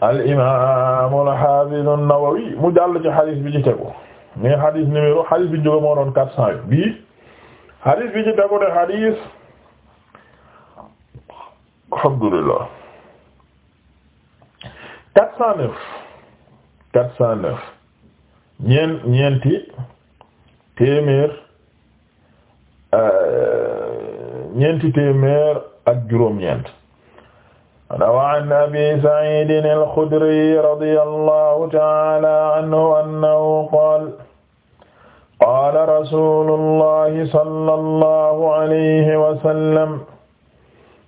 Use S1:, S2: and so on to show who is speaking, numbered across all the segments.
S1: al imaam al haafiz an-Nawawi mu jàll ci xadis bi ci tegu ni xadis numéro xadis bi jóge moo doon quatre cent huit bii xadis bi ci tegu de xadis alhamdulillah quatre cent neuf quatre cent neuf ñeenti téeméer euh, ñeenti téeméer ak juróom-ñeent rawa an abi saidin alxudriy radi allahu taala anhu annahu qaal qaala rasulu allahi sala allahu alayhi wasallam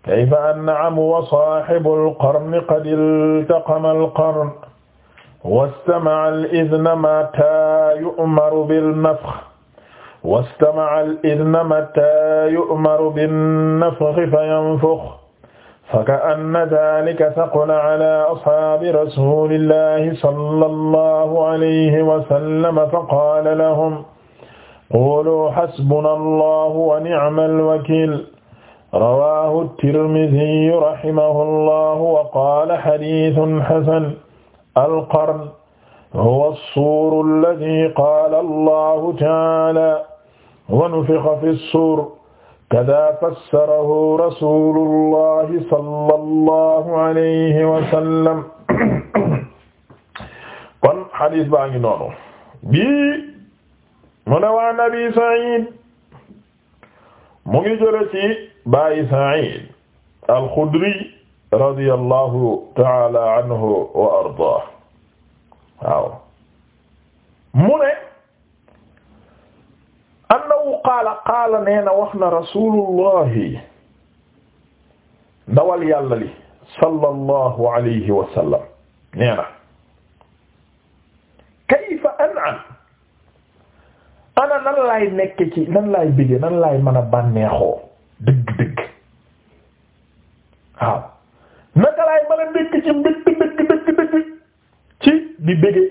S1: kayfa an'amu wa saaxibu alqarni qad iltaqama alqarn wastamaca alidna mata yu'maru bilnafx wastamaca alidna mata yu'maru binnafxi fayanfux فكأن ذلك ثقل على أصحاب رسول الله صلى الله عليه وسلم فقال لهم قولوا حسبنا الله ونعم الوكيل رواه الترمذي رحمه الله وقال حديث حسن القرن هو الصور الذي قال الله تعالى ونفخ في الصور kadaa fassarahu rasuulullahi sallallahu alayhi wa sallam kon xadiis baa ngi noonu bii mu ne waa Nabi Saïd mu ngi jële ci baayi Saïd al-Xudri radiyallahu ta'ala anhu wa ardaahu waaw mu ne annahu qaala qaala nee na wax na rasulullahi ndawal yàlla li sallallahu alayhi wa sallam nee na kayfa an'am ana nan laay nekk ci nan laay bige nan laay mën a bànneexoo dëgg-dëgg waaw naka laay mën a nekk ci mbëgg dëgg dëgg dëgg ci di bége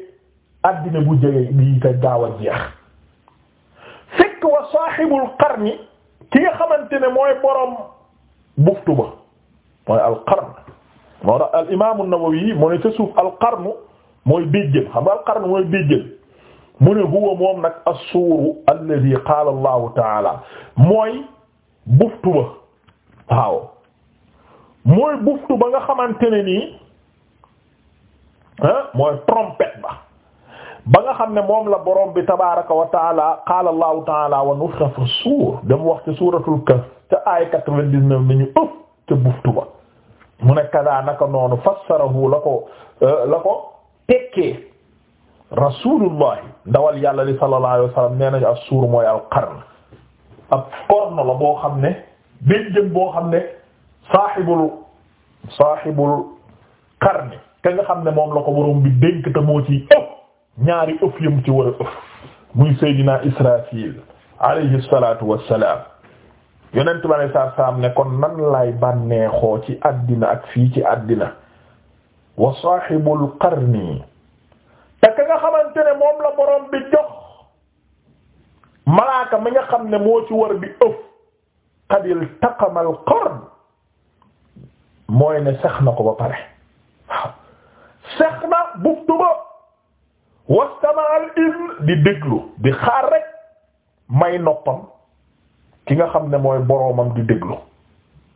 S1: addina bu jege bi te gaaw a jeex fekk wa saaxibul qarni ki nga xamante ne mooy borom buftu ba mooy alqarn moo tax al imaamu Nawawi mu ne ca suuf alqarnu mooy béjjën xam nga alqarnu mooy béjjën mu ne huwa moom nag as-suuru alladi qaala allahu taala mooy buftu ba waaw mooy buftu ba nga xamante ne nii ah mooy trompette ba. ba nga xam ne moom la borom bi tabaaraka wa taala qaala allahu taala wa nufxa fi suur dem wax ci suuratul kahf ca aay quatre-vingt-dix-neuf ni ñu ëpp ca mu ne kadaa naka noonu fassarahu la ko euh, la ko tekkee rasulullah ndawal yàlla li sallallahu alayhi wa suur mooy al qarn la boo xam ne benn boo xam ne saaxibul saaxibul qarni xam ne moom la ko borom bi dénk te moo ñaari ëf yam ci war a ëf muy Seydina Israfil alayhi salatu wassalam yonent bi alei saatu ne kon nan laay bànneexoo ci àddina ak fii ci àddina wa sahibul qarni te ka nga xamante ne moom la borom bi jox malaaka mi nga xam ne moo ci war bi ëf qad iltaqama al mooy ne sax na ko ba pare waaw na buftu ba wastama al di déglu di xaar rek may noppam ki nga xam ne mooy boroomam di déglu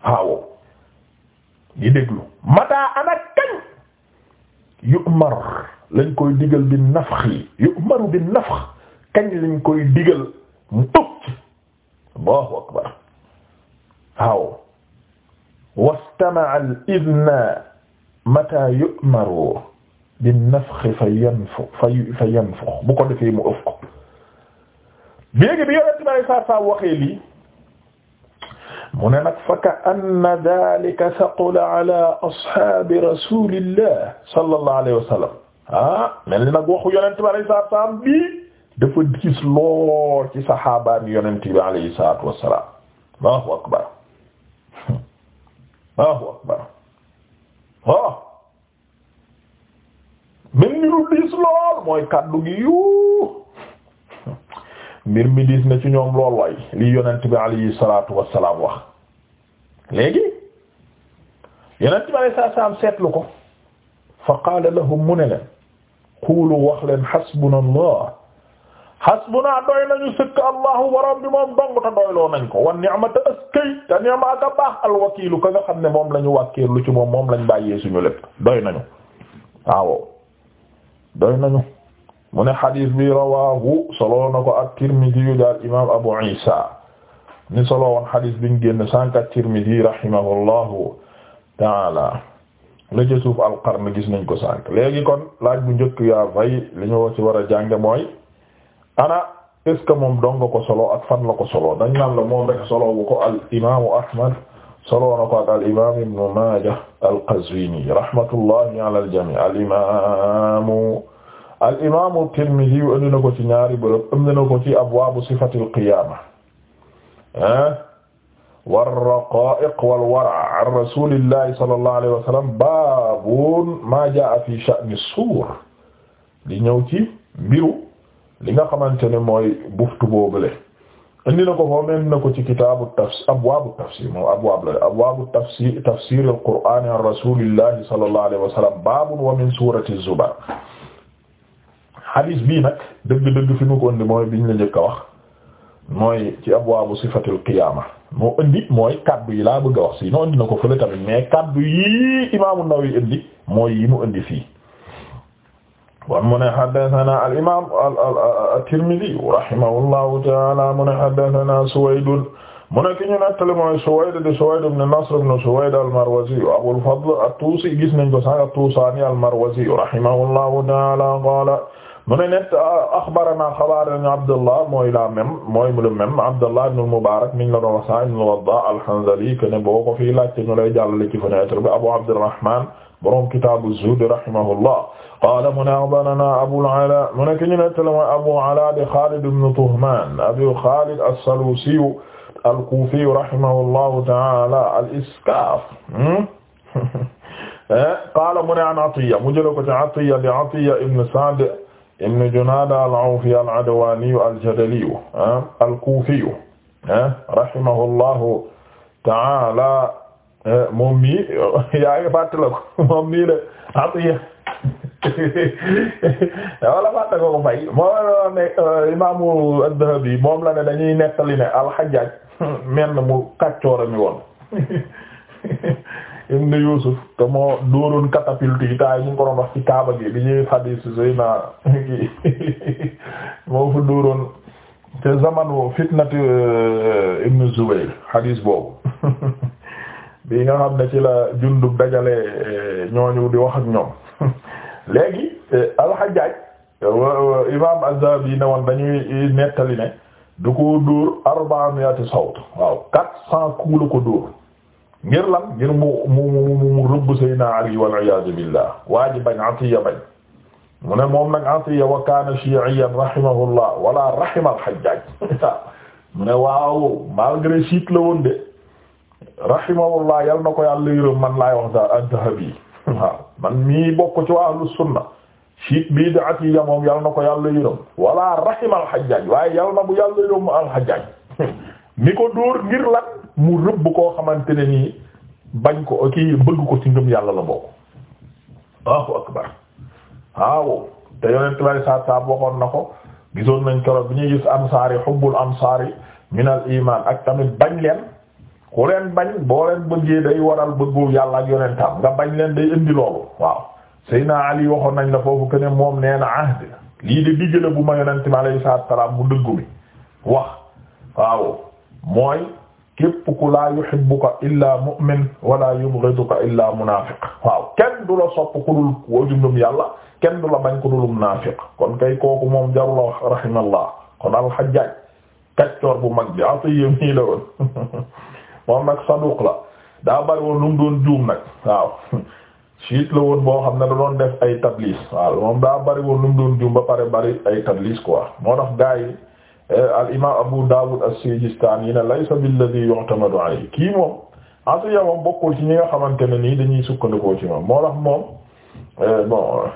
S1: waaw di déglu mataa ana kañ yu'mar lañ koy digal bi nafx yi bi nafx kañ lañ koy digal mu ëpp allahu akbar waaw wastama al izn mata bi nafxi fa yanfu fa yanfu bu ko defee mu ëf ko léegi bi yonent bi alayhi salaam waxee lii mu ne nag fa ka'anna daalika saqula ala ashaabi rasuulillah sallallahu alayhi wa sallam ah mel ni nag waxu yonent bi alayhi salaam bii dafa diis lool ci saxaabaan yonent bi alayhi salaatu wa salaam Allahu akbar Allahu akbar oh. mel ni lu diis lool mooy kaddu gi yuu mbir mi diis na ci ñoom lool way lii yonent bi alayhi salaatu wassalaam wax léegi yonent bi alayhi salaatu wassalaam seetlu ko fa qaala lahum mu ne leen quulu wax leen xasbuna allah xasbuna doy nañu sëkk allahu waroom bi moom dong doyloo nañ ko wan ni'mata askay te ni'ma ka baax alwakiilu ka nga xam ne moom lañu wàkkiir lu ci moom moom lañ bàyyee suñu lépp doy nañu waaw doy nañu mu ne xadis bi rawaahu solo na ko at-Tirmidhi yu daal imaam Abu Isa ni solo woon xadis biñ génn sànq at-Tirmidhi rahimahullahu taala la ca suuf al-Qarn gis nañ ko sànq léegi kon laaj bu njëkk yaa fay li ñu woo ci war a mooy ana est ce moom dong ko solo ak fan la ko solo dañ naan la moom rek solo bu ko al imaamu Ahmad solo na ko al imaam ibnu Maaja al-Qazwiini rahmatullahi ala al-jamii' al-imaamu al-imaamu Tirmidi andi na ko ci ñaari bërëb andi na ko ci abwaabu sifatil qiyaama ah, war-raqaa'iq wal-wara' an rasuulillahi sallallahu alayhi wa sallam baabun maa jaa'a fii sha'ni suur di ñëw ci mbiru li nga xamante ne mooy buftu boobule indi na ko foofu na ko ci kitaabu tafsir abwaabu tafsir moom abwaab la abwaabu tafsir tafsir al-Qur'aan an rasuulillahi sallallahu alayhi wa sallam baabun wa min suurati az-Zumar hadis bii nag dëgg-dëgg fi mu ko indi mooy biñ la njëkk a wax mooy ci abwaabu sifatil qiyaama moo indi mooy kaddu yi laa bëgg wax si noo indi na ko tamit mais kaddu yii Imaam An-Nawawi indi mooy yi mu indi fii. kon mu ne haddathana al imam at-Tirmidhi rahimahullahu ta'ala mu ne haddathana Suwayd mu ne ki ñu nettali mooy Suwayd di Suwayd ibn Nasr ibn Suwayd al-Marwazi Abul Fadl at-Tusi gis nañ ko sax at-Tusani al-Marwazi rahimahullahu ta'ala qala mu ne net akhbarana xabarana Abdullah mooy la même mooy le même Abdullah ibn al-Mubarak mi ñu la doon wax sax ibn al-Waddah al-Hanzali que ne boo ko fii laajte ñu lay jàllale ci fenêtre bi Abu Abdurrahman borom kitaabu zuhd rahimahullah qaala mu ne axbaranaa abul alaa mu nekk ñu nettali mooy abu alaa di xaalid ibn tuhmaan abu xaalid as-saluusiyu al-kuufiyu rahimahullahu ta'aala al-iskaaf qaala mu ne an Atiyya mu jël ko ci Atiyya di Atiyya ibn Sa'd ibn Junaada al-Awfi al-Adwaaniyu al-Jadaliyu al-Kuufiyu rahimahullahu ta'aala Eh, moom mii yaa ngi fàttala ko moom mii la Atiya wala fàttala ko fay moo ne eh, imaamu Addahabi moom la ne dañuy nettali ne al mel na mu kàccoora mi woon ibn Yusuf te moo dóoroon catapulte yi taay mu ngi ko wax ci Kaaba gi bi ñuy xadiis Seyna gi moo fa dóoroon te zamanu fitnati eh, ibn Zubayr xadiis boobu bi nga xam ne ci la jundub dajale eh, ñooñu di wax ak ñoom léegi eh, alxajaaj imam Az-Zahabi ne woon dañuy eh, nettali ne du ko dóor arba'ati sawt waaw quatre cent coups la ngir lan ngir mu mu mu mu Ali wal iyaadu billah waa ji bañ Atiya bañ mu ne moom nag Atiya wa kaana shi'iyyan rahimahullah wala rahima al mu ne waaw malgré chiite la rahimahullah yal na ko yàlla yërëm man laay wax da ad-Dhahabi waaw man mii bokk ci ahlu sunna siit bii di at yi moom yal na ko yàlla yërëm wala rahima al-Hajjaj waaye yal na bu yàlla yërëm al-Hajjaj mi ko dóor ngir lan mu rëbb koo xamante ne nii bañ ko kii bëgg ko ci ngëm yàlla la bokk Allahu akbar waaw te yonent lay saab saab waxoon na ko gisoon nañ keroog bi ñuy gis ansaari hubbul ansaari minal iman ak tamit bañ leen ku leen bañ boo leen bëggee day waral bëggu yàlla ak yonentam nga bañ leen day indi loolu waaw Ali waxoon nañ la foofu que ne moom nee na ahd lii de digg la bu ma yonent mi alayhi salaatu salaam bu dëggu bi wax waaw mooy képp ku la sopp ku dul woo jumlum yàlla kenn du la bañ ku dul munaafiq kon kay kooku moom jarul wax rahimallah kon al-Hajjaaj kaccoor bu mag bi ati yéen moom nag saduq la daa bari woon lu mu doon juum nag waaw siit la woon boo xam ne da doon def ay tadlis waaw moom daa bari woon lu doon juum ba pare bari ay tadlis quoi moo tax gaa yi eh, al imaam Abu Dawud as-Sijistani ne laysa billadhi yu'tamadu alayhi kii moom atiya moom bokkul ci ñi nga xamante ne nii dañuy sukkandikoo ci moom moo tax moom eh, bon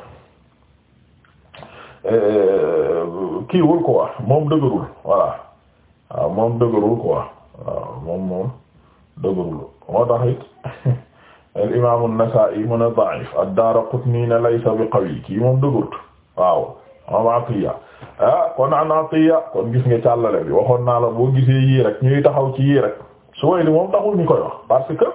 S1: eh, kiiwul quoi moom dëgërul waaw moom dëgërul quoi waaw moom moom. dëgërul moo tax it al imaam an i mu ne da'if ad-Daaraqutni ne laysa bi qawi kii moom dëgërut waaw moom Atiya ah kon an Atiya kon gis nga càllale bi waxoon naa la boo gisee yii rek ñuy taxaw ci yii rek Suwayli moom taxul ñu koy wax parce que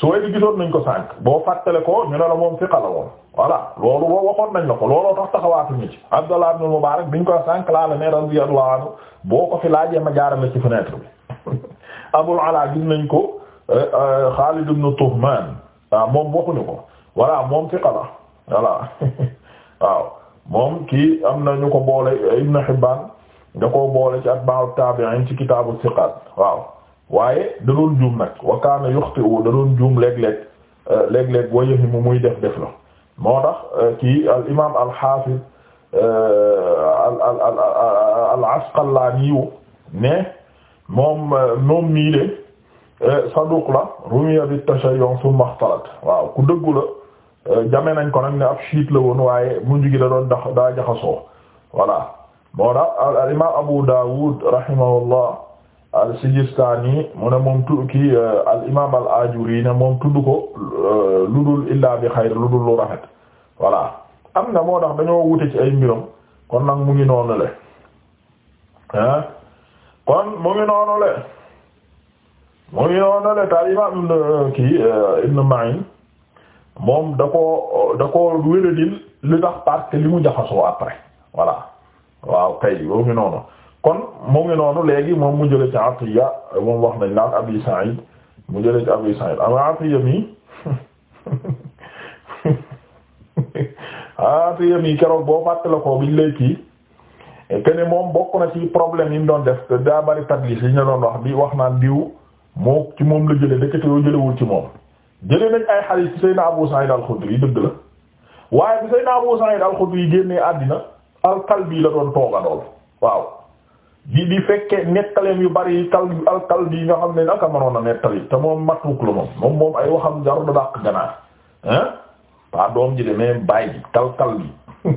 S1: Suwayli gisoon nañ ko sànq boo fàttale ko ñu ne la moom fiqa la woon voilà loolu boo waxoon nañ la ko looloo tax taxawaatuñu ci Abdallah ibn Mubarak biñ koy sànq laa la ne radiyallahu anhu boo ko fi laajee ma ko. Xaalid ibn Tuhmaan waaw moom waxuñu ko voilà moom ci xala voilà waaw moom kii am na ñu ko boole Ibn Hibbaan da ko boole ci atba'u taabi'iin ci kitaabu siqaat waaw waaye da doon nag wa kaana yuxti'u da doon juum léeg-léeg léeg-léeg wa yahimu muy def def la moo tax kii al imaam al xaafid al al al al Asqalaani ne moom moom mii de Eh, saduq la rumiya bi tashayyu thumma ikhtalat waaw ku dëggu la eh, jame nañ ko nag ne ab chiite la woon waaye mujj gi da doon dax daa jaxasoo voilà moo tax al imaam Abu Dawud rahimahullah al Sijistani mu ne moom tu kii eh, al imaam al Ajuri ne moom tudd ko lu dul illa bi xayr lu dul lu rafet voilà am na moo tax dañoo wute ci ay mbiram kon nag mu ngi noonu le ah kon mu ngi noonu le mu ngi noonu la taal imaam euh, kii euh, Ibn Ma'in moom da koo da koo wéradil li tax parce que li mu jaxasoo après voilà waaw kay boo ngi noonu kon mu ngi noonu léegi moom mu jële ci Atiya moom wax nañ naan Abi Sa'id mu jële ci Abi Sa'id ama Atiya mi Atiya mi keroog boo fàttalikoo biñ lay kii kene moom bokk na ci problème yi mu doon def daa bari tadlis yi ñu doon wax bi wax naan diw moo ci moom la jëlee ndekete yoo jëlewul ci moom jëlee nañ ay xadiis bi Seydina Abu Sa'id al-Khudri dëgg la waaye bi Seydina Abu Sa'id al-Khudri génnee àddina al-Kalbi la doon toogandool waaw di di fekkee nettaleem yu bari yi kal al-Kalbi nga xam ne naka mënoon a nettali te moom matruk la moom moom ay waxam jaru da dàq ganaar hein pas doom ji de mais bàyyi ji al-Kalbi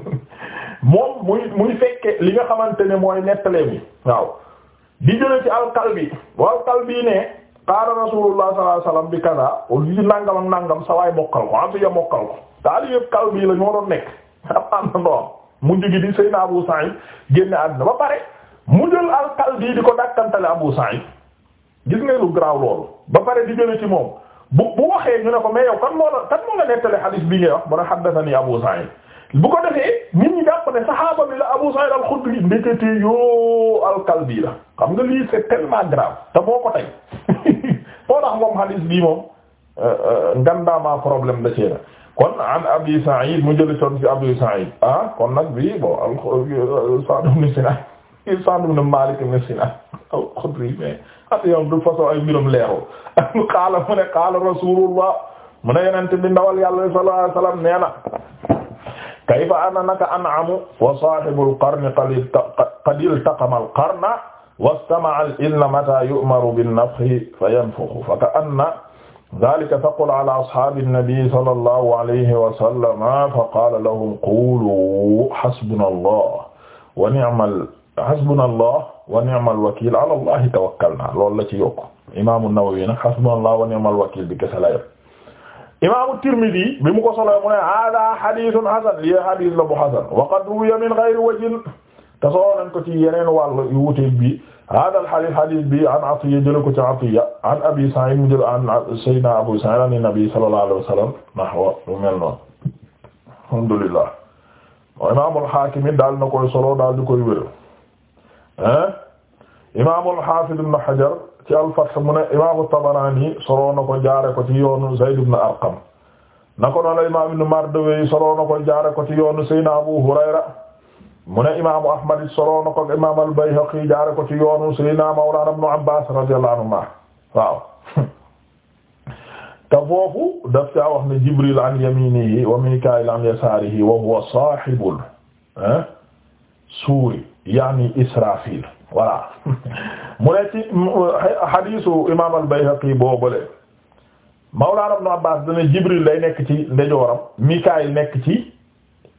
S1: moom muy muy fekke li nga xamante ne mooy nettaleem yi waaw di jëlee ci al-Kalbi wa qaala rasulullah sallallahu alayhi wasallam bi kaza lii nangam ak nangam sa waay mokkal ko am ya mokkal ko daal yëpp kal bii la ñoo doon nekk am am na ndoom mujj gi di Seydina Abu Sa'id génne àdduna ba pare mu jël al kal bii di ko dàkkantale Abu Sa'id gis nga lu garaaw loolu ba pare di jële ci moom bu bu waxee ñu ne ko mais yow kan moo la kan moo la nettale hadith bii ngay wax mu ne haddathani Abu Sa'id bu ko defee nit ñi jàpp ne saxaaba bi la Abu Sa'id al-Khudri ndekete yoo al-Kalbi la xam nga lii c'est tellement grave te moo ko tey moo tax moom hadis bii moom euh, euh, ngandaamaa problème da cee na kon an Abi Sa'id mu jëli toon ci Abi Sa'id ah kon nag bii bon euh, Sa'd ibn Sinan Sa'd ibn Malik ibn Sinan al-Khudri mais at yow du façon ay mbiram leeroo xaala mu ne xaala Rasulullah mu ne yonent bi ndawal yàlla sallallahu alayhi wasallam nee na kayfa ana naka an'amu wa saahibul qarni qad iltaqama al qarna wastama'a al ilma mata yu'maru bin nafhi fayanfukhu fa ka'anna dhaalika thaqula ala ashaabi nabi sallallahu alayhi wa sallam fa qaala lahum quulu hasbunallah wa ni'mal hasbunallah wa ni'mal wakiil ala allahi tawakkalnaa loolu la ci yokk imaamu Nawawi nag hasbunallah wa ni'mal wakiil bi kese la yor imaamu Tirmidi bi mu ko solo mu ne hada hadithun hasan li hadith la bu hasan wa qad ruwiya min ghayri wajhin te solo nañ ko ci yeneen wàll yu wuteeg bi hada al hadith hadith bi an Atiyya jële ko ci Atiyya an Abi Sa'id mu jël an Sayyidina Abu Sa'id an Nabi sallallahu alayhi wa sallam nahwa lu mel noonu alhamdulillah imaamul Haakim daal na koy solo daal di koy wér ah imaamul Haafiz Ibn Hajar ci al-Fath mu ne imaamu Tabarani soroon na ko jaare ko ci yoonu Zayd ibn Arqam na ko noonu imaam Ibn Mardawayh soroon na ko jaare ko ci yoonu Seydina Abu Hurayra mu ne imaamu Ahmad soroon na ko imaam al-Bayhaqi jaare ko ci yoonu Seydina Mawlana Ibn Abbas radiyallahu anhuma waaw te foofu daf caa wax ne Jibril an yaminihi wa Mikaa'il an yasaarihi wa huwa saahibul eh, suuri yaani Israafil voilà mu ne ci hadisu imam al-Bayhaqi boobale Mawlaana Ibn Abbaas dana Jibril lay nekk ci ndejooram Mikaayil nekk ci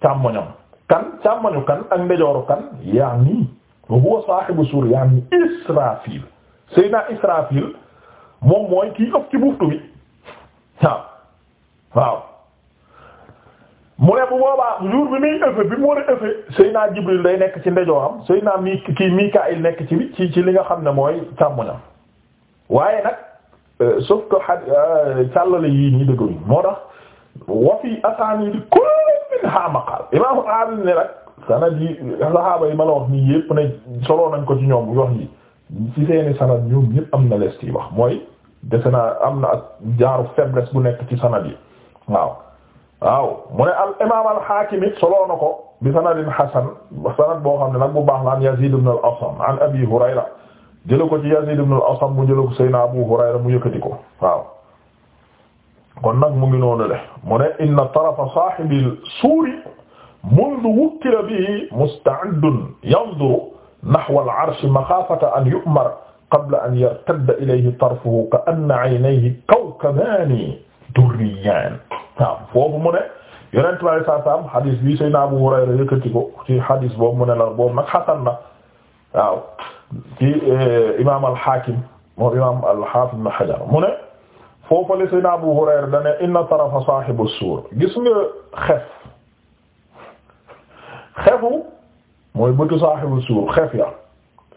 S1: càmmoñam kan càmmoñu kan ak ndejooru kan yaani wa huwa saahibu suur yaani Israafil Seydina Israafil moom mooy kii ëpp ci buftu bi waaw mu ne bu boobaa jour bi muy ëffee bi mu war a ëffee Jibril day nekk ci ndejooram Seyna mi kii Mikaayil nekk ci ci ci li nga xam ne mooy càmmoñam waaye nag euh, sauf que xa euh, càllale wa fi asaaniidi nañ ko ci ñoom wax am na mooy dese am na ak jaaru faiblesse bu nekk ci sanad yi waaw. waaw mu ne al imaam al Haakim it soloo na ko bi sanadin hasan sanad boo xam ne nag bu baax la an Yaziid ibn al Asam an Abi Hurayra jële ko ci Yaziid ibn al Asam mu jële ko Seydina Abu Hurayra mu yëkkati ko waaw kon nag mu ngi noonu le mu ne inna tarafa saahibil suuri mundu wukkila bihi musta'addun yanzuru nahwa al arshi maxaafata an yu'mar qabla an yartadda ilayhi tarfuhu ka anna aynayhi kawkabaani durriyaan waaw foofu mu ne yonent bi alayhi salaam hadis bi Seydina Abu Hurayra yëkkati ko ci hadis boobu mu ne la boobu nag xasan na waaw ci eh, imaam al-Hakim moom imaam al-Hafiz Ibn Hajar mu ne foofu la Seydina Abu Hurayra da ne inna tarafa saahibu suur gis nga xef xefu mooy bëtu saahibu suur xef ya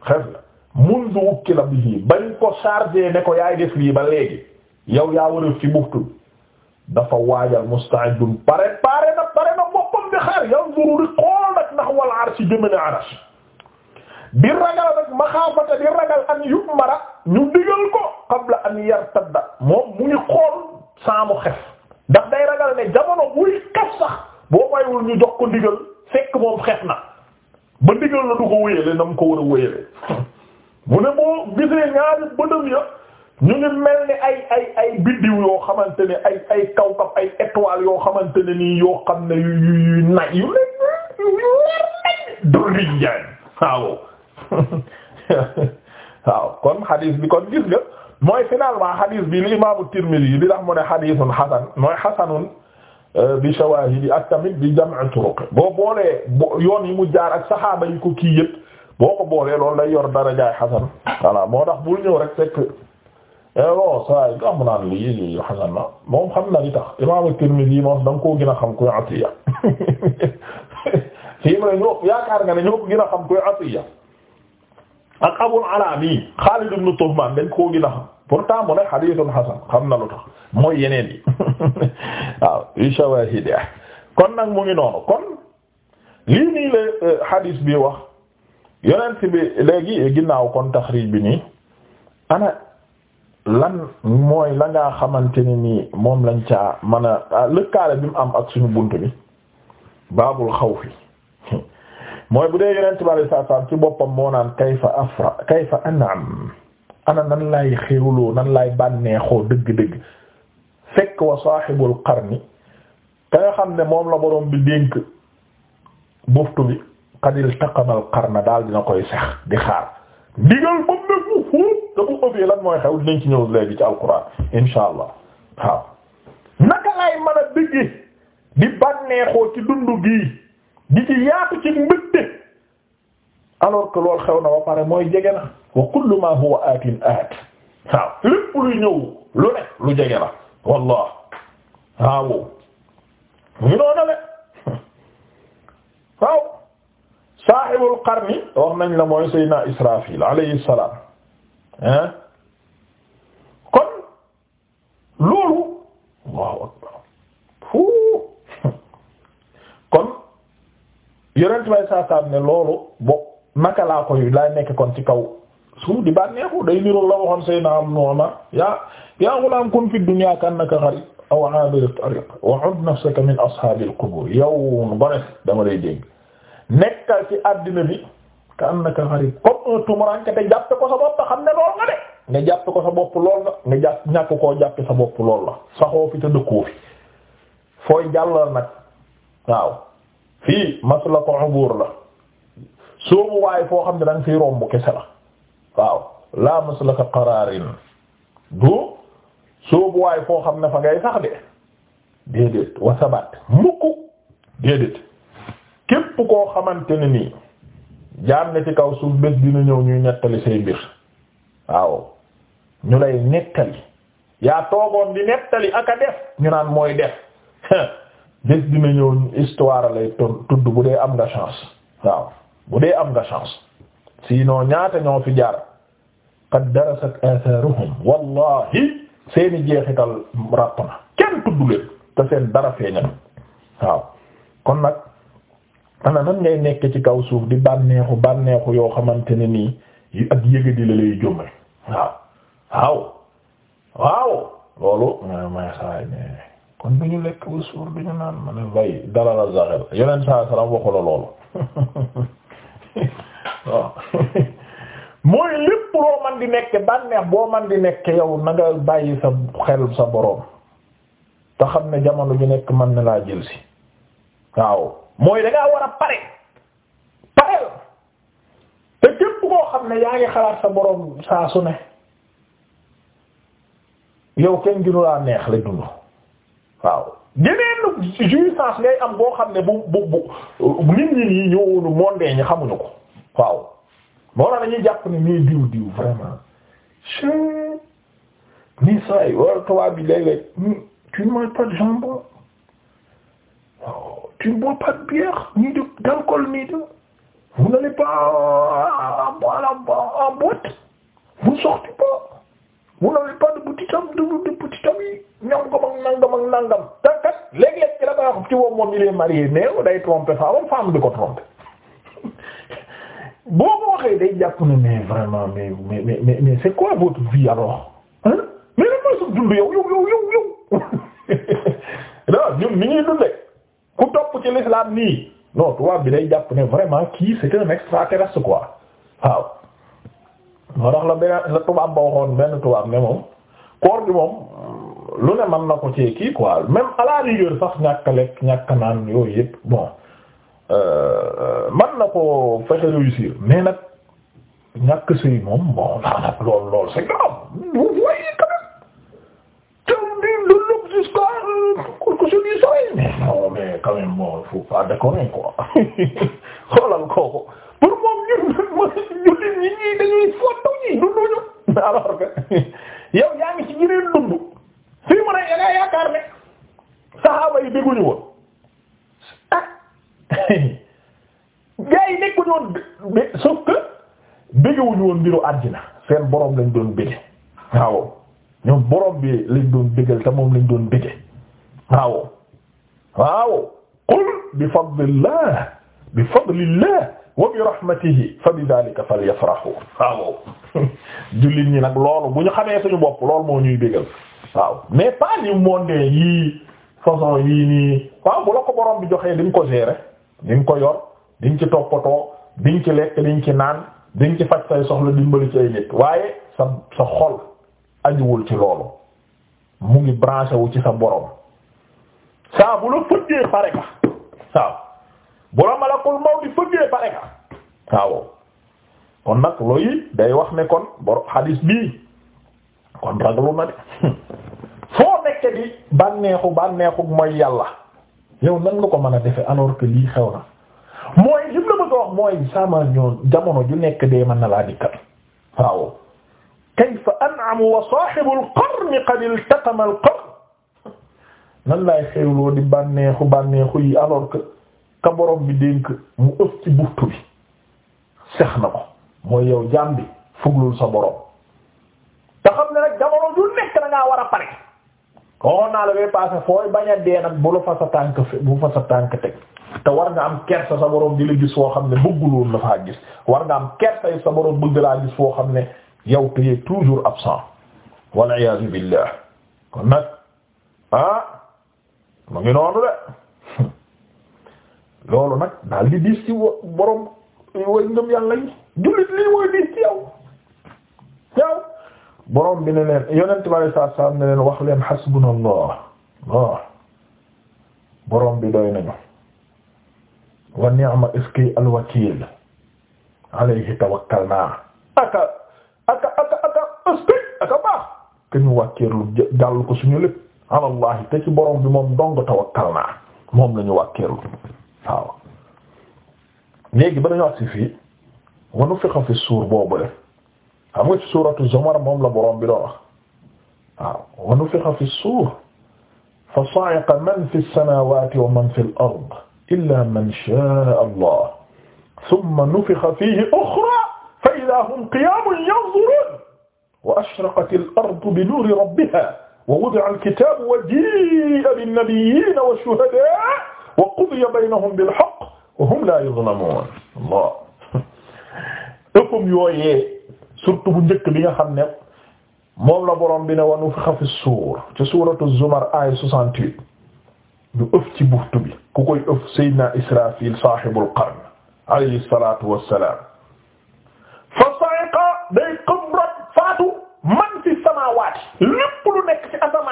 S1: xef la mundu ukkila bihi bañ ko chargé ne ko yaay def lii ba léegi yow yaa war a fi buftu dafa waajal musta'idun pare pare na pare na boppam xaar yanzuru di xool nag ndax wal arsh jëmale arsh di ragal nag maxaafata ragal an yumara ñu digal qabla an yartadda moom mu ngi xool saamu xef ndax day ragal ne jamono buy xef boo maywul ñu jox ko ndigal fekk moom xef ba ndigal na mu ko war a wéyale mu ne moo gisee ñaari bëtam ya ñu ngi mel ni ay ay ay biddiw yoo xamante ne ay ay kawkab ay étoile yoo xamante ne nii yoo xam ne yu yu yu yu leen yu kon xadis bi kon gis nga mooy finalement xadis bi li imaamu Tirmidhi li tax mu ne xadisun xasan mooy xasanun euh, bi shawaahidi ak tamit bi jam'i turuq boo boolee yoon yi mu jaarak ak saxaaba yi ko kii yëpp boo ko boolee loolu day yor darajaay xasan voilà moo tax bul ñëw rek fekk. bon eh, saa yi am naan lii lii xanaa ah, moom xam na li tax Imaam Tirmidhi moom da nga koo gën a xam kuy Atiya fii mu ne ñoo yaakaar nga ne ñoo ko gën a xam kuy Atiya ak Abul Ala mi Xaalid ibn Tuhman dañ koo gën a xam ne hadithun hasan xam na lu tax mooy yeneen yi waaw yu kon nag moo ngi noonu kon lii nii la hadith eh, bi wax yonent bi léegi ginnaaw kon taxriij bi nii lan mooy la ngaa xamante ni nii moom lañ caa mën a ah, lëkkaale bi mu am ak suñu bunt bi baabul xawfi mooy bu dee yeneen tubaab saa saa ci boppam moo naan kayfa afra kayfa an'am ana nan lay xéwloo nan laay bànneexoo dëgg-dëgg fekk wa saaxibul qarni ka nga xam ne moom la borom bi dénk buftu bi qad iltaqama qarna daal dina koy sax di xaar. ndigal moom nag mu fuuf te bu mooy xew dinañ ci ñëw ci alquran insha allah waaw naka lay mën a di bànneexoo ci dund di ci yaatu ci mbëgte alors que loolu xew na ba pare mooy jege wa kullu ma huwa atin at waaw lépp luy ñëw lu ne lu jege la wallah waaw ñu noona le waaw saaxibul qarni wax nañ la mooy Seydina Israafil alayhi salaam hein kon loolu Allahu akbar fuu kon yonent bay saasaam ne loolu bokk naka laa koy laa nekk kon ci kaw suuf di bànneexu day niroog la waxoon Seydina am nooma yaa yaa ghulaam kun fi dunyaa kannaka gharib aw aabir tariq wa 'ud nafsaka min ashaabil qubuur yow gone dama lay dégg nekkal ci àddina bi ka annaka gharib comme un tumuranke te jàppe ko sa bopp lool nga nga jàppe ko sa bopp lool la nga jàpp ñàkk koo jàppe sa bopp lool la saxoo fi te dëkkoo fi fooy jàllal nag waaw fii masla ko ubur la soobu waaye foo xam ne danga fiy romb kese la waaw laa maslaka qaraarin du soobu waaye foo xam ne fa ngay sax de déedéet wa sabat déedéet képp koo xamante ne nii jaar na ci kaw suuf bés dina ñëw ñuy nettali say mbir waaw ñu lay nettali yaa toogoon di nettali ak a def ñu naan mooy def bés dina ñëw histoire lay tudd bu dee am nga chance waaw bu dee am nga chance sinon ñaata ñoo fi jaar qad darasat atharuhum wallahi seeni jeexital ràpp na kenn tudd leen te seen dara feeñal waaw kon nag ana nan ngay nekk ci kaw suuf di bànneexu bànneexu yoo xamante ne nii ak yëgadi la lay jóme waaw waaw waaw loolu ma may saay ne kon du ñu lekk ba suur du ñu naan ma ne bay dara la zaxel yeneen saa salaam waxu la loolu mooy lépp loo man di nekk bànneex boo man di nekk yow na nga bàyyi sa xel sa boroom te xam ne jamono ju nekk man na laa jël si waaw mooy da war a pare pare te képp koo xam ne yaa ngi xalaat sa borom saa ne yow kenn ginu laa neex la dund waaw geneen jouissance ngay am boo xam ne bu bu bu nit ñi nii ñëwoonu mondee ñi xamuñu ko waaw moo la dañuy jàpp ne mais diw diw vraiment che ni say war tubaab bi léeg-léeg hmm, tu ne manges pas de tu ne bois pas de bière ni de d'alcool ni de vous n'allez pas en boîte vous ne sortez pas vous n'avez pas de petit am de petit ami ñangam ak nangam ak nangam tankat léeg-léeg ci la ba wax ci wom moom il est marié mais day tromper fa wam femme di ko tromper boo ko waxee day jàpp ne mais vraiment mais mais mais mais c'est quoi votre vie alors hein mais lan mooy sa dund yow yow yow yow yow non ñun ni ñuy dundee ku topp ci l'islam nii non tubaab bi day jàpp ne vraiment kii c'est un extraterrestre quoi waaw moo tax la benn la tubaab ba waxoon benn tubaab ne moom koor gi moom lu ne mën na ko ci kii quoi même à la ñàkk lekk ñàkk euh, euh, ko ñàkk moom lool lool c'est grave vous voyez quand même te du mais quand même bon il faut pas xoolal kooku pour moom ñun mooy ñun ñi ñii dañuy fottu ñi dunduñu alors que yow yaa ngi ci jëreen dund fii mu ne yi woon ah àddina seen borom lañ doon bégge waaw ñoom borom bi lañ doon bégal te moom lañ doon bégge waaw waaw qul bi fadlillah bi fadlillah wa bi rahmatihi fa bi dhalika falyafrahu waaw jullit ñi nag loolu bu ñu xamee suñu bopp loolu moo ñuy bégal waaw mais pas li monde yii façon yii nii waaw bu la ko borom bi joxee di ko gérer di nga ko yor di ci toppatoo di nga ci lekk di ci naan di nga ci faj say soxla dimbali ci ay nit waaye sa sa xol ajuwul ci loolu mu ngi branché wu ci sa borom. saa bu la fëggee pare ka la malakul maw di fëggee pare ka kon nag looy day wax ne kon bor xadiis bii kon raglu na de foo nekk di bànneexu bànneexu mooy yàlla yow nan nga ko mën a defe alors que lii xew na mooy li la bëgg a wax mooy sama ñoon jamono ju nekk dee mën na laa dikkal waaw kayfa an'amu wa saahibu al-qarni qad iltaqama al-qarn nan laay xewloo di bànneexu bànneexu yi alors ka borom bi dénk mu ëf ci buftu bi sex na ko mooy yow jaam bi fuglul sa borom te xam ne nag jamono du nekk da war a pare waxoon naa la bay passé fooy bañ a dee nag bu la fa sa tànk fe bu fa sa tànk teg te war nga am kersa sa borom di la gis foo xam ne bëgguloon la faa gis war nga am kersa yi sa borom bëgg laa gis foo xam ne yow tu es toujours absent wal iyaazu billah nag ah, mu ngi noonu loolu nag daal di diis ci borom way ngëm yàlla yi jullit lii mooy diis ci yow yow borom bi ne leen yonent bari saa saa ne leen wax leen hasbunallah waaw borom bi doy nañu wa ni'ma iski alwakiil alayhi tawakkalnaa aka aka aka aka iski aka baax kañu wàkkeerlu jàll ko suñu lépp alallahi te ci borom bi moom dong tawakkal naa moom la ñu wàkkeelu waaw léegi ba dañu wax ci fii wa nufixa fi suur boobu le xam nga ci suuratu zumar moom la borom bi doon wax waaw wa nufixa fi suur fa sa'iqa man fi samawati wa man fi al-ard illa man sha'a Allah thumma nufixa fihi ukhra fa idha hum qiyamun yanzurun wa ashraqat al-ardu bi nuri rabbiha wa wudi'a al-kitaabu wa jii'a bin-nabiyyiina wash-shuhadaa' wa qudiya baynahum bil-haqq wa hum laa yuzlamuun Allah ëppam yooyee surtout bu njëkk bi nga xam ne moom la borom bi ne wa nufixa fi suur ci suuratu Zumar aaya 68 ñu ëf ci buxtu bi ku koy ëf Seydina Israafil saahibul qarn alayhi salaatu wassalaam fa sa'iqa day qëmrat faatu man fi samaawaati lépp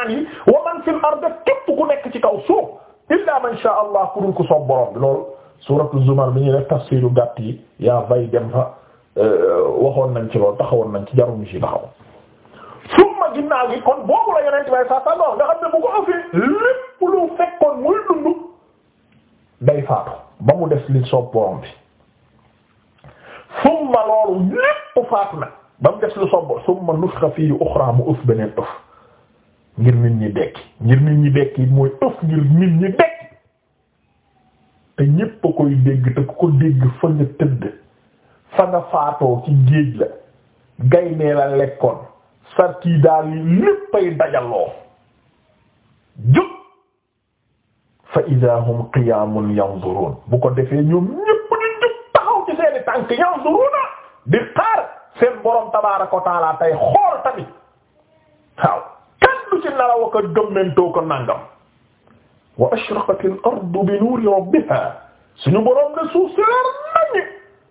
S1: asamaan yi wa man fil ard képp ku nekk ci kaw suuf illa man sha allah ku dul ku soob borom bi loolu suratu zumar bi ñuy def tafsiru gàtt yi yaa bay dem fa euh, waxoon nañ ci loolu taxawoon nañ ci jarum ci taxaw summa ginnaaw gi kon boobu la yonent bay sa sa nga xam ne bu ko ëffee lépp lu fekkoon muy dund day faatu ba mu des li soob borom bi summa loolu lépp faatu nag ba mu des li soob summa nusxa fii uxra mu ëff beneen ëff ngir nit ñi dekki ngir nit ñi dekki mooy ëf ngir nit ñi dekki te ñépp koy dégg te ku ko dégg fa nga tëdd fa nga faatoo ci géej la gaynde la lekkoon sarti daal yi léppay dajaloo jóg fa idaa hum qiyaamun bu ko defee ñoom ñépp di jóg taxaw ci seeni tànk yanzuruna di xaar seen borom tabaaraka wa taala xool tamit waaw lu ci nara wa ko gëmmentoo ko nàngam wa ashraqatil ardu bi nuuri leer naññi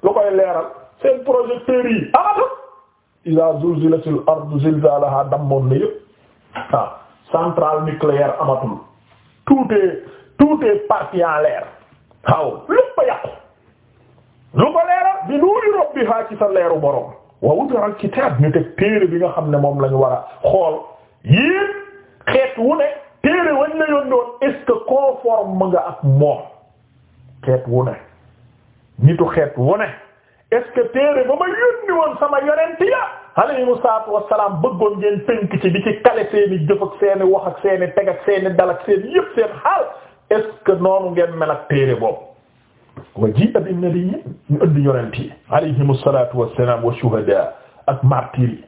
S1: lu koy leeral seen projecteurs yi aata iza zulzilatil ardu zilzalaha dammoon na yëpp waaw centrale nucléaire amatul tout est tout est parti en l'air waaw lépp a yàqu lu ko leeral leeru boroom wa wudi'al kitaab ñu teg téere bi nga xam ne moom lañu wara a yéen xeet wu ne téere wañ la yónnoon est-ce que conforme nga ak moom xeet wu ne nitu xeet wu ne est-ce que téere ba ma yónni woon sama yonent ya alayhimu salaatu wassalaam bëggoon ngeen tënk ci di ci kale seeni jëf ak seeni wax ak seeni teg ak seeni dal ak seeni yëpp seen xaal est-ce que noonu ngeen mel ak téere boobu wa ji'a bin nabiyyin ñu indi yonent yi alayhimu salaatu wassalaam wa shuhadaa ak martyrs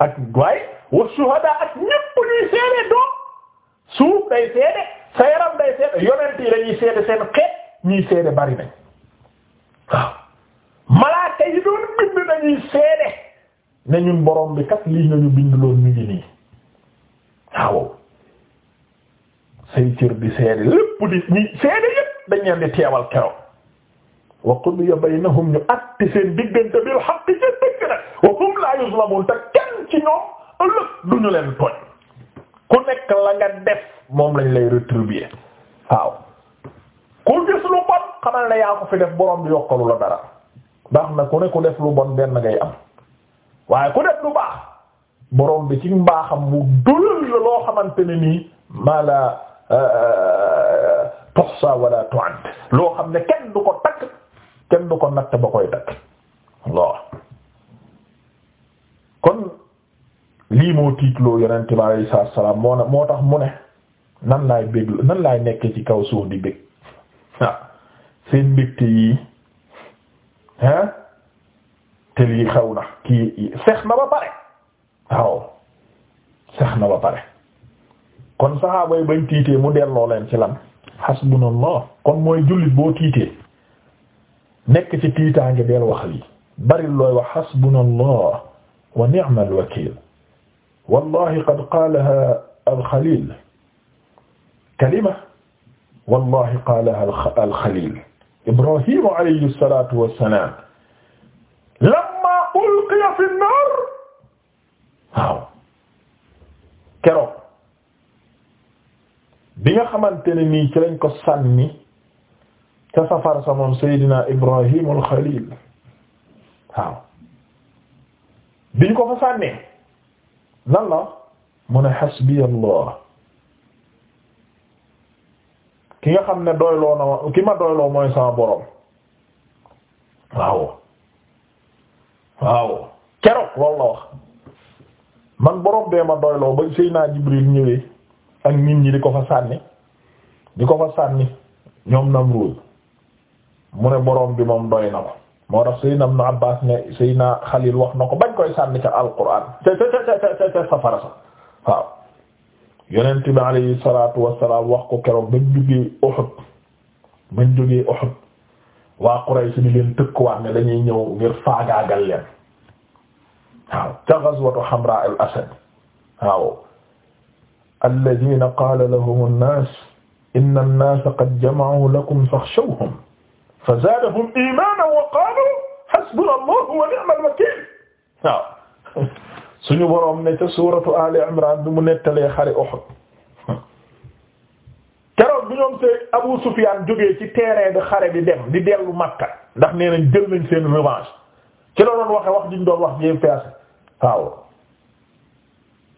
S1: ak waaye wa shuhada ak ñépp ñuy seede doom suuf day seede sa yaram day seede yonent yi dañuy seede seen xeet ñuy seede bari nañ waaw malaaka yi doon bind nañuy seede ne borom bi kat lii nga loon ñu ngi nii waaw say cër di seede lépp di ñuy seede yépp dañ leen di teewal keroog wa qudiya baynahum ñu atti seen diggante bil haqqi ci dëgg nag wa hum la yuzlamun te kenn ci ñoom du ñu leen toj ku nekk la nga def moom lañ lay rétribuer waaw ku gis lu bon xamal ne yaa ko fi def borom bi yokkalu la dara ndax na ku ne ku def lu bon benn ngay am waaye ku def lu baax borom bi ci mbaaxam mu dulal la loo xamante ne nii maa la euh, euh, toxsa wala tu'ad loo xam ne kenn du ko takk kenn du ko natt ba koy takk waaw kon lii moo tiitloo yonent bi alayhi salaatu salaam moo moo tax mu ne nan laay béglu nan laay nekkee ci kaw suuf di bég waaw ah, seen mbégte yii hein te lii xew na kii fex na ba pare waaw fex na ba pare kon saxaaba yi bañ tiitee mu delloo leen ci lan hasbunallah kon mooy jullit boo tiitee nekk ci tiitaange del wax lii bari looy wax hasbunallah wa ni'mal wakiil wallahi qad qaalaha alxalil kalima wallahi qaalaha alxalil Ibraahiima alayhi salaatu wa salaam lammaa ulqiya fi nnaar waaw keroog bi nga xamante ne nii ci lañ ko sànni ca safar sa moom Seydina Ibraahiima alxalil waaw biñ ko fa sànnee lan la mu ne hasbi Allah ki nga xam ne doyloo na ki ma doyloo mooy sama borom waaw waaw keroog loolu la wax man borom bee ma doyloo ba Seydina Jibril ñëwee ak nit ñi di ko fa sànni di ko fa sànni ñoom Namruud mu ne borom bi moom doy na ko moo tax Seydina Ibn Abbaas ne Seydina Xaliil wax na ko koy sànni ca alquran ca ca ca ca safara sax waaw yonent bi alayhi salaatu wassalaam wax ko keroog bañ jógee Uhud bañ jógee Uhud waa Quraysh di leen tëkkuwaat ne dañuy ñëw ngir faagaagal leen waaw ca ghazwatu Hamra al-Asad waaw alladhina qaala lahum an-naas inna an-naasa qad jama'u lakum fakhshawhum fazaadahum iimaanan wa qaaluu hasbunallahu wa ni'mal wakiil waaw suñu boroom ne ca suuratu Ali Imran bi mu nettalee xare Uhud keroog bi ñoom see Abu Sufyaan jógee ci terrain bi xare bi dem di dellu Makka ndax nee nañ jël nañ seen revanche ci la doon waxe wax diñ doon wax jéem fees waaw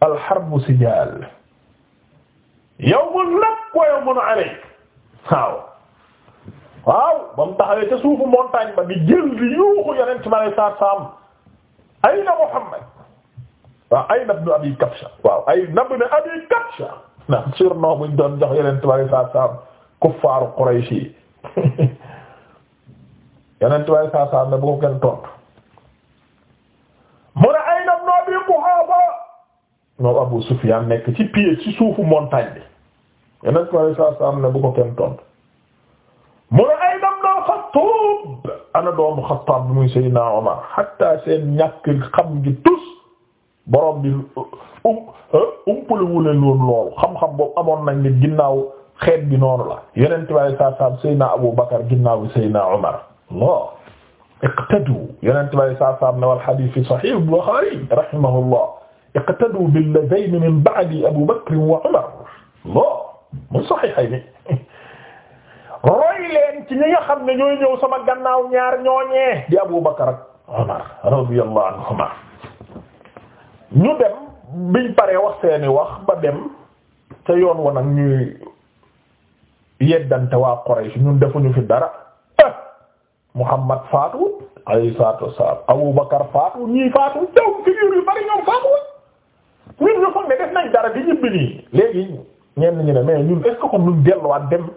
S1: alxarbu sijaal yawmun lak wa yawmun alayk waaw waaw ba mu taxawee ca suufu montagne ba di jël di yuuxu yonent bi sallallahu alayhi wasallam ayna Muhammad waaw ayna ibn Abi Kabsha waaw ayna ibn Abi Kabsha naam surnom buñ doon jox Yonent bi saa saam kuffaaru Quraysh yi Yonent bi saa saam ne bu ko kenn tontu mu ne ayna ibn Abi Quhaafa moom Abu Sufyaan nekk ci pied ci suufu montagne bi Yonent bi saa saam ne bu ko kenn tontu mu ne ayna ibn Xattab ana doomu Xattaab bi muy Seydina Omar hatta seen ñàkk xam gi tus borom bi um euh, umpale wu leen woon loolu xam-xam boobu amoon nañ ne ginnaaw xeet bi noonu la yeneen tubaab yi saa saa Seydina Abu Bakar ginnaaw bi Seydina Omar Allah iqtadu yeneen tubaab yi saa saa ne wal hadiis fi Sahih Bukhari rahimahullah iqtadu billadayn min ba'di Abu Bakr wa Omar Allah mu Sahihayni roy leen ci ñi xam ne ñooy ñëw sama gannaaw ñaar ñooñee di Abu Bakar ak Umar radiyallahu anhuma ñu dem biñ paree wax seeni wax ba dem ca yoon wa nag ñuy yeddante waa Quraysh ñun defuñu fi dara Muhammad faatu alayhi salaatu wassalaam Abu Bakar faatu ñii faatu jaw figure yu bari ñoom faatu ñun ñu foog ne def nañ dara di ñibbi nii léegi ñenn ñu ne mais ñun est-ce que delluwaat dem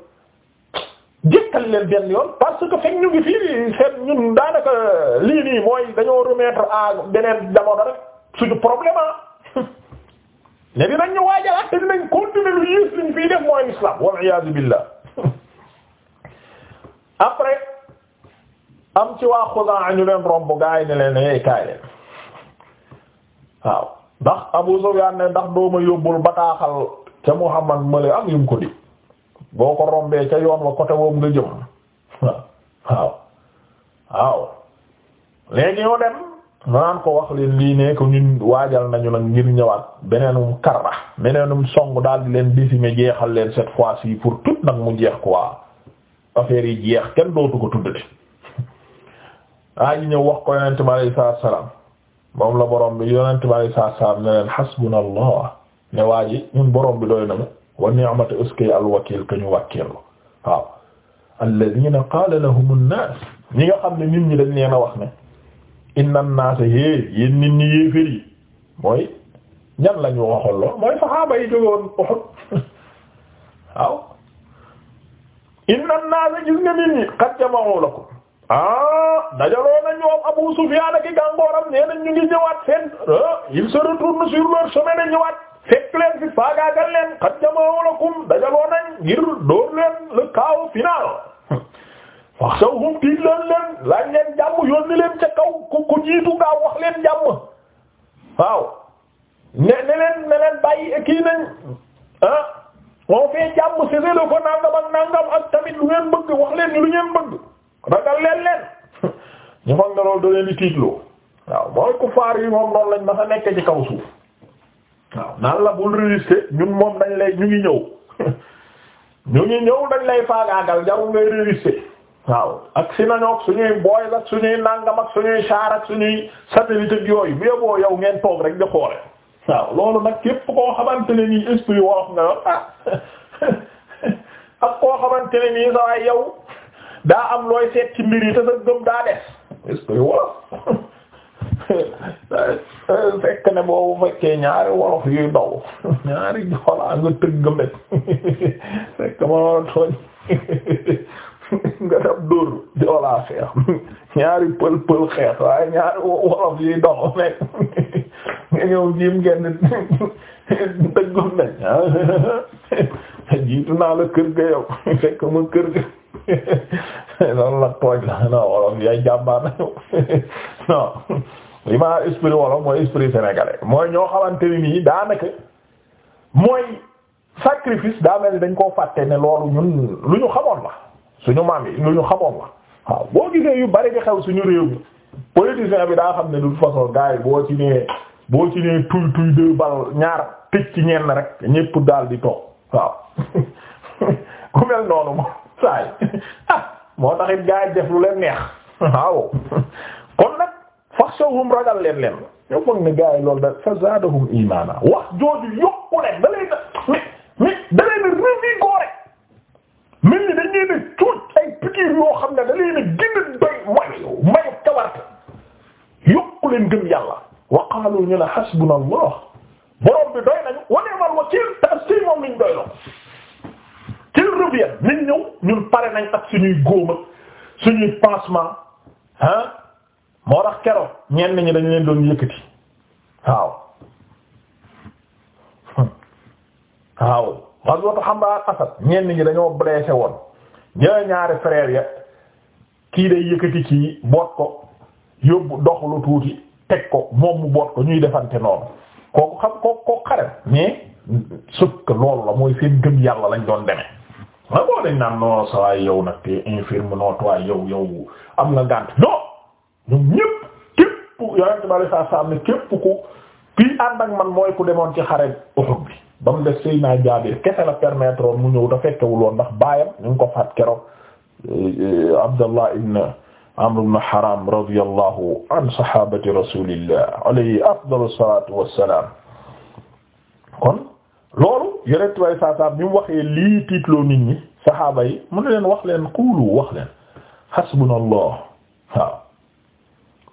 S1: nettali leen benn yoon parce que fekk ñu ngi fii seet ñun daanaka lii nii mooy dañoo remettre à beneen jamono rek suñu problème ah ne dinañ ñu waajalaat te dinañ continuer lu yées fii def mooy l'islam wal iyaazu billah après am ci waa Xuzaa ñu leen romb gaa yi ne leen ay kaay leen waaw ndax Abu Sufyaan ne ndax doo ma bataaxal ca Muhammad male am yum ko di boo ko rombee ca yoon wa côté boobu nga jëm waaw waaw léegi yoo dem naan ko wax leen lii ne ko ñun waajal nañu nag ngir ñëwaat beneenum karra beneenum song daal di leen décimer jeexal leen cette fois yi pour tout nag mu jeex quoi affaire yi jeex kenn dootu ko tudd de ah ñu ñëw wax ko yonent bi alayhi salaam moom la borom bi yonent bi alayhi salaam ne leen hasbunallah ne waa ji ñun borom bi doy na wa ni'mata uskay alwakiil ka ñu wàkkiirlu waaw alladina qaala lahum an-naas ñi nga xam ne nit ñi dañ leen a wax ne inna an-naasa hé yéen nit ñi yéefér yi mooy ñan lañu waxoon lool mooy saxaaba yi jógoon Uhud waaw inna an-naasa gis nga nit ñi qad jama'u lakum ah dajaloo na ñoom Abu Sufyaan ak i gàngooram nee nañ ñu ngi ñëwaat seen ah, ils se retournent sur leur chemin ñëwaat fekk leen fi faagaagal leen xat jamaa lakum dajaloo nañ ngir door leen le kaaw final wax saw hum tiit leen leen laaj leen jàmm yónni leen ca kaw ku ku jiitu gaaw wax leen jàmm waaw ne ne leen ne leen bàyyi kii nañ ah on fait jàmm séséle ko nangam ak nangam ak tamit lu ngeen bëgg wax leen lu ngeen bëgg ragal leen leen ñu fag na loolu da leen di tiitloo waaw mooy ku faar yi moom lañ ma sa nekk ci kaw suuf waaw naan la bul résister ñun moom dañ lay ñu ngi ñëw ñu ngi ñëw dañ lay faagaagal jarul ngay résister waaw ak si nañook suñuy booy ak suñuy nàngam ak suñuy char ak suñuy satellite yooyu bu yeboo yow ngeen toog rek di xoole waaw loolu nag képp koo xamante ne nii esprit wolof nga yor ah. sa waay yow daa am looy seet ci mbir yi te sa gëm daa des esprit wolof fekk ne boobu fekkee ñaari wolof yuy daw ñaari joolaa tëgg met fekk ma tooñ nga dab dóor joolaa ñaari pël pël xeex waaye ñaari wolof yuy daw nekk nga ñëw jiim genn dëgg met jiitu naa kër ga yow fekk ma kër ga loolu la tooñ la non wolof yaay jàmbaar na non li ma esprit wolof mooy esprit sénégalais mooy ñoo xamante ni nii daanaka mooy sacrifice daa mel dañ koo fàtte ne loolu ñun lu ñu xamoon la suñu maam lu ñu xamoon la waaw boo gisee yu bari di xew suñu réew mi politicien bi daa xam ne lu toute façon gars yi boo ci nee boo ci nee tuy tuy deux bal ñaar tëj ci ñenn rek ñépp daal di toog waaw ku mel noonu moom saay ah moo taxit gars yi def lu leen neex waaw kon nag faxshawhum ragal leen leen ñoo foog ne gars yi wax jooju yokku leen da leen mi mi da a cuut ay piqûre yoo xam ne da leen a gën a doy mayu mayu kawarte yokku leen wa qaalu ñu hasbuna allah borom bi doy nañu wa ni'mal wakiil tas ci doy lo qu'il revienne nañ ñëw ñun pare nañ ak suñuy góoma suñuy pansement ah moo tax keroog ñenn ñi dañ leen doon yëkkati waaw waaw ghazwatu Hamra ak Asad ñenn ñi dañoo blessé woon ñooy ñaari frère ya kii day yëkkati ci boot ko yóbbu dox lu tuuti teg ko moom mu boot ko ñuy defante noonu kooku xam ko ko xare sut que loolu la mooy seen gëm yàlla lañ doon demee ma boo dañ naan non sawaay yow nag te infirme noo toi yow yow am nga ngànt non ñoom ñépp képp yonent bi alei saat salaam képp ku kii ànd ak man mooy ku demoon ci xare Uhud bi ba mu def sëy naa Jaabir kese la permettre mu ñëw da woon ndax baayam ñu ngi ko faat keroog eh, Abdallah ibn Amr ibn Haram radiyallahu an sahabati rasulillah alayhi afdalu salatu wassalam kon loolu yonent bi alei saat salaam waxee lii tiitloo nit ñi sahaaba yi mu ne leen wax leen quulu wax leen hasbunallah waaw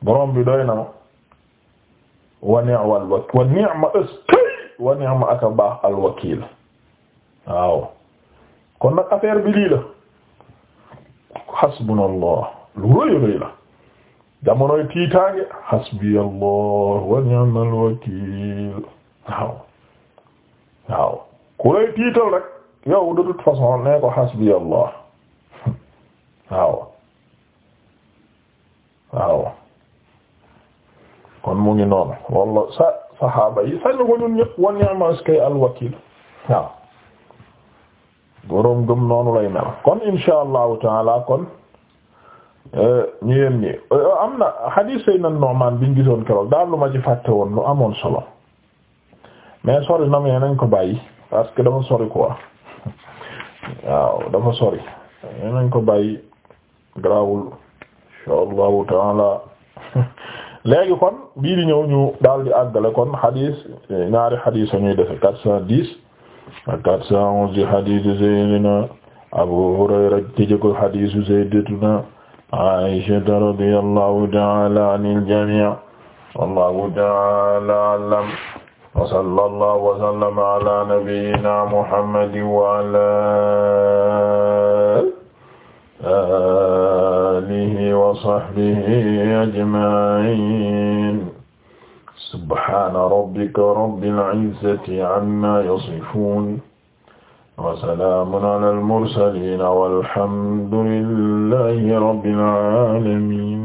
S1: borom bi doy na ma wa ni'ma alwakil wa ni'ma askay wa ni'ma aka baax alwakil waaw kon nag affaire bi lii la hasbunallah lu rëy rëy la jamonoy tiitaange hasbiyallah wa ni'ma alwakil waaw waaw ku lay tiital rek yow de façon nee ko hasbiyallah waaw waaw kon mu ngi noonu walla sa saxaaba yi sañu ko ñun ñëpp wa ni'ma iskay alwakiil waaw boroom gëm noonu lay mel kon insha allahu taala kon eh, ñu yem ñi eh, am na xadiis Seydina Nu'maan biñ gisoon keroog daal lu ma fàtte woon lu amoon solo mais sori na mais nañ ko bàyyi parce que dafa sori quoi waaw dafa sori mais nañ ko bàyyi garaawul insha allahu taala léegi kon bii di ñëw ñu daal di àggale kon xadis ñaari xadis ñuy defe quatre cent dix ak quatre cent onze di xadisu Seydina Abu Hurayra tëjee ko xadisu Sayyidatuna Aysata radiyallahu ta'ala anil jami' wallahu ta'ala a'lam wa sallallahu wa sallama ala nabiyyina Muhammadin wa ala wa sahbihi ajma'in subhana rabbika rabbil izzati amma yasifun wa salaamun alal mursaliin walhamdu lillahi rabbil aalamiin